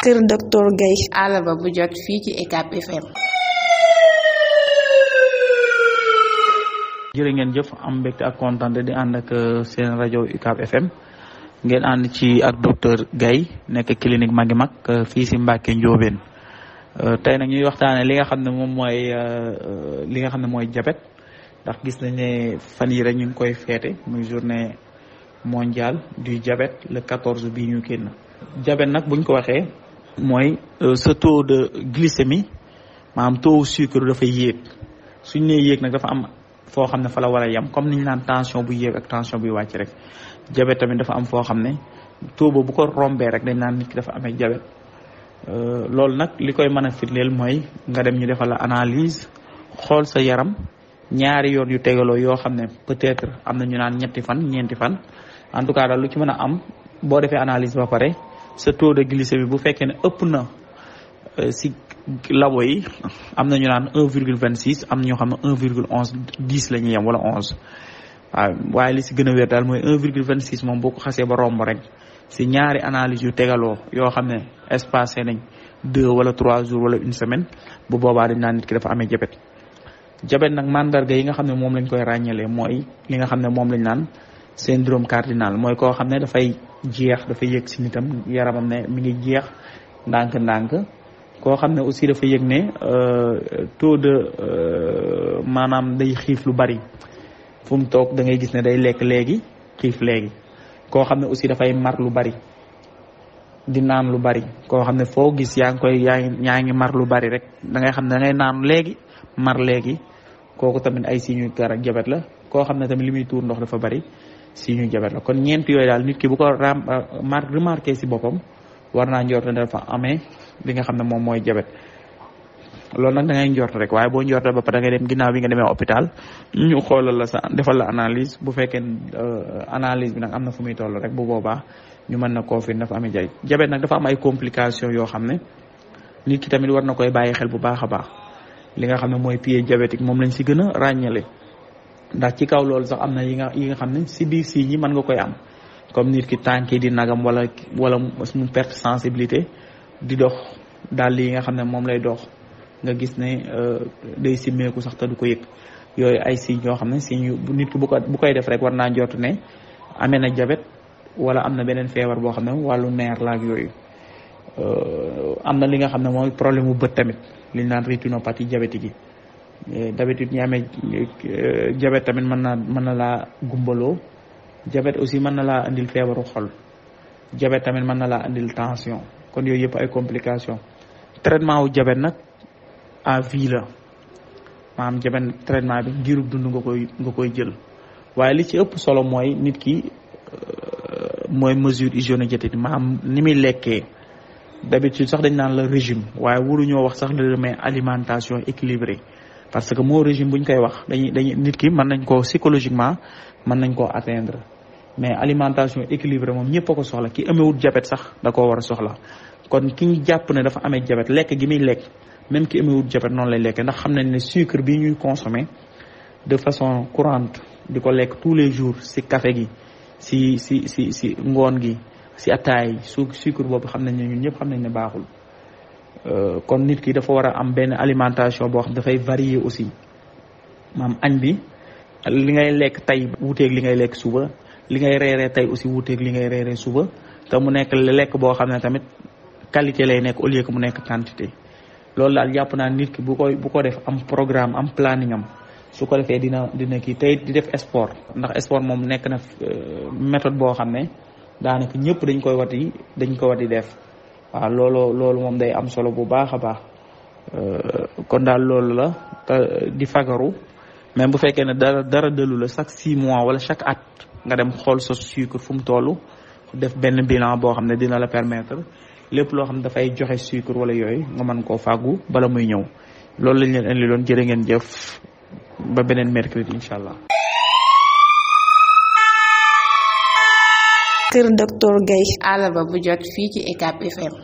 kër docteur Gaye àllarba bu jot fii ci UCAB FM jërë ngeen jëf am mbégte ak kontaan di ànd ak euh, seen rajo UCAB FM ngeen ànd ci ak docteur gay nekk clinique magi mag euh, fii si Mbacke Ndiobène euh, tey nag ñuy waxtaane li nga xam ne moom mooy li nga xam ne mooy diabète ndax gis nañ ne fan yi rek ñu ngi koy feete muy journée mondiale du diabète le 14 bii ñu génn diabète nag buñ ko waxee mooy euh, sa taux de glycémie maanaam taux sucre dafa yéeg suñ nee yéeg nag dafa am foo xam ne fa la war a yem comme ni ñu naan tension bu yéeg ak tension buy wàcc rek jabet tamit dafa am foo xam ne taux ba bu ko rombee rek dañ naan nit ki dafa amee jabet euh, loolu nag li koy mën a firndeel mooy nga dem ñu defal la analyse xool sa yaram ñaari yoon yu tegaloo yoo xam ne peut-être am na ñu naan ñetti fan ñeenti fan en tout cas daal lu ci mën a am boo defee analyse ba pare. sa taux de glycémie bi bu fekkee ne ëpp na euh, si labo yi am na ñu naan un virgule vingt six am ñoo xam ne un virgule onze dix lañu ñuy yem wala onze waaw waaye li si gën a wér daal mooy un virgule vingt six moom boo ko xasee ba romb rek si ñaari analyse yu tegaloo yoo xam ne espacé nañ deux wala trois jours wala une semaine bu boobaa dañ naan nit ki dafa amee jabet jabet nag mandarga yi nga xam ne moom lañ koy ràññalee mooy li nga xam ne moom lañ naan syndrome cardinal mooy koo xam ne dafay jeex dafa yëg si nitam yaramam ne mu ngi jeex ndànk-ndànk koo xam ne aussi dafa yëg ne euh, taux de euh, maanaam day xiif lu bari fu mu toog da ngay gis ne day lekk léegi xiif léegi koo xam ne aussi dafay mar lu bari di naan lu bari koo xam ne foo gis yaa ngi koy yaa ngi yaa ngi mar lu bari rek da ngay xam ne da naan léegi mar léegi kooku tamit ay signes yu jabet la koo xam ne tamit li muy tuur ndox dafa bari si jabet la kon ñeent yooyu daal nit ki bu ko euh, mar remarqué si boppam war naa njort ne dafa amee li nga xam ne moom mooy jabet loolu nag da ngay njort rek waaye boo njortee ba pare da ngay dem ginaaw bi nga demee hôpital ñu xoolal la sa defal la analyse bu fekkee euh, analyse bi nag am na fu muy toll rek bu boobaa ñu mën na koo fi dafa amee jaay jabet nag dafa am ay complications yoo xam ne nit ki tamit war na koy bàyyi xel bu baax a baax li nga xam ne mooy pied diabétique moom lañ si gën a ràññale ndax ci kaw loolu sax am na yi nga yi nga xam ne si biir si ñi mën nga koy am comme nit ki tànk yi di nagam wala wala mu perte sensibilité di dox dàll yi nga xam ne moom lay dox nga gis ne euh, day simmeeku sax te du ko yëg yooyu ay signes yoo xam ne signes yu nit ki bu koy def rek war naa njort ne amee na jabet wala am na beneen feebar boo xam ne wàllu neer la yooyu euh, am na li nga xam ne mooy problème mu bët tamit li ñu naan rétinopathie diabétique yi Eh, d'habitude ñi amee eh, jabet tamit mën na mën na laa gumbaloo jabet aussi mën na laa andil feebaru xol jabet tamit mën na laa andil tension kon yooyu yëpp ay complication traitement wu jabet nag à vie la maanaam jabet traitement bi ngirub dund nga koy nga koy jël waaye li ci ëpp solo mooy nit ki euh, mooy mesure hygiéno-diététique maanaam ni muy lekkee d'habitude sax dañ naan la régime waaye ñoo wax sax le mais alimentation équilibrée parce que moo régime bu ñu koy wax dañuy dañuy nit ki mën nañ koo psychologiquement mën nañ koo atteindre mais alimentation équilibrée moom ñëpp a ko soxla ki amewut jabet sax da koo war a soxla kon ki ñu jàpp ne dafa amee jabet lekk gi muy lekk même ki amewut jabet noonu lay lekkee ndax xam nañ ne sucre bi ñuy consommer de façon courante di ko lekk tous les jours si kafe gi si si si si ngoon gi si ataay su sucre boobu xam nañ ne ñun ñëpp xam nañ ne baaxul Euh, kon nit ki dafa war a am benn alimentation boo xam dafay varier aussi maam añ bi li ngay lekk tey wuuteeg li ngay lekk suba li ngay reere tey aussi wuuteeg li ngay reeree suba te mu nekk lekk boo xam ne tamit qualité lay nekk au lieu que mu nekk quantité loolu daal jàpp naa nit ki bu koy bu ko def am programme am planning am su ko defee dina dina kii tey di def sport ndax sport moom nekk na euh, méthode boo xam ne daanaka ñëpp dañ koy wati dañ koy wati def waaw loolu loolu moom day am solo bu baax a baax euh, kon daal loolu la di fagaru mais bu fekkee ne dara dara dëlu la chaque six mois wala chaque at nga dem xool sa sucre fu mu toll def benn bilan boo xam ne dina la permettre lépp loo xam ne dafay joxe sucre wala yooyu nga man koo fàggu bala muy ñëw loolu lañ leen indi loon jërë ngeen jëf ba beneen mercredi incha allah kër docteur Gaye àllarba bu jot fii ci UCAB FM